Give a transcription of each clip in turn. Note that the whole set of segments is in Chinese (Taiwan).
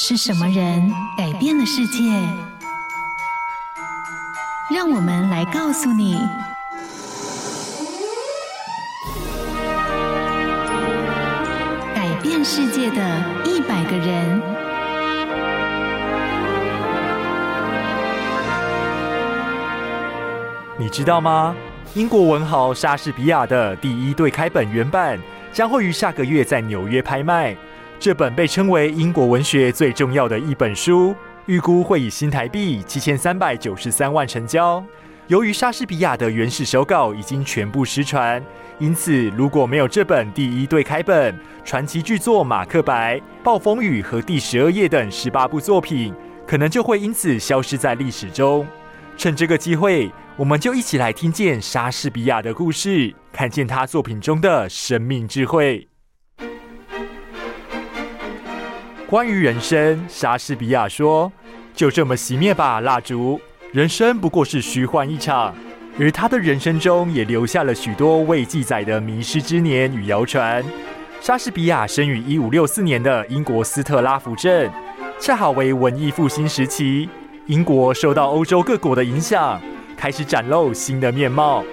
是什麼人改變了世界？讓我們來告訴你：改變世界的一百個人。你知道嗎？英國文豪莎士比亞的第一對開本原版將會於下個月在紐約拍賣。這本被稱為英國文學最重要的一本書，預估會以新台幣七千三百九十三萬成交。由於莎士比亞的原始手稿已經全部失傳，因此如果沒有這本第一對開本傳奇巨作《馬克白》《暴風雨》和第十二夜等十八部作品，可能就會因此消失在歷史中。趁這個機會，我們就一起來聽見莎士比亞的故事，看見他作品中的生命智慧。關於人生，莎士比亞說：“就這麼熄滅吧，蠟燭。人生不過是虛幻一場。”而他的人生中也留下了許多未記載的迷失之年與謠傳。莎士比亞生於一五六四年的英國斯特拉福鎮，恰好為文藝復興時期。英國受到歐洲各國的影響，開始展露新的面貌。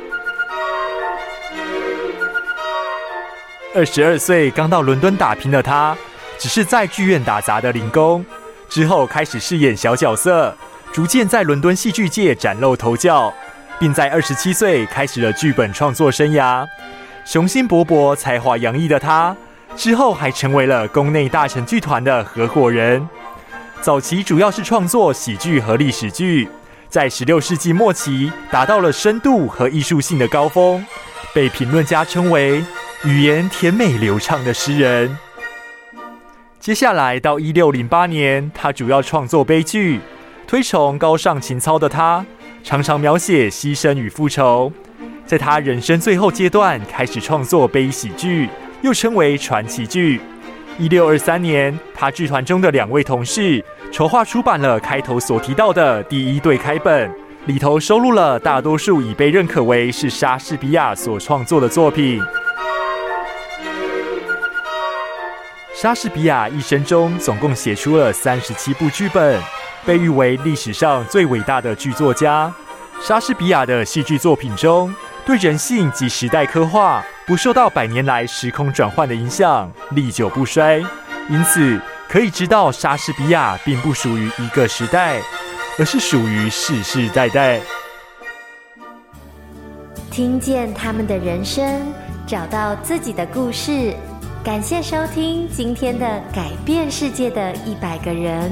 二十二歲剛到倫敦打拼的他，只是在劇院打雜的零工，之後開始飾演小角色，逐漸在倫敦戲劇界嶄露頭角，並在二十七歲開始了劇本創作生涯。雄心勃勃、才華洋溢的他，之後還成為了宮內大臣劇團的合夥人。早期主要是創作喜劇和歷史劇，在十六世紀末期達到了深度和藝術性的高峰，被評論家稱為“語言甜美流暢的詩人”。接下來到一六零八年，他主要創作悲劇，推崇高尚情操的他，常常描寫犧牲與復仇。在他人生最後階段，開始創作悲喜劇，又稱為傳奇劇。一六二三年，他劇團中的兩位同事籌劃出版了開頭所提到的第一對開本，裡頭收錄了大多數已被認可為是莎士比亞所創作的作品。莎士比亞一生中總共寫出了三十七部劇本，被譽為歷史上最偉大的劇作家。莎士比亞的戲劇作品中，對人性及時代刻畫，不受到百年來時空轉換的影響，歷久不衰。因此，可以知道莎士比亞並不屬於一個時代，而是屬於世世代代。聽見他們的人生，找到自己的故事。感謝收聽今天的《改變世界的一百個人》。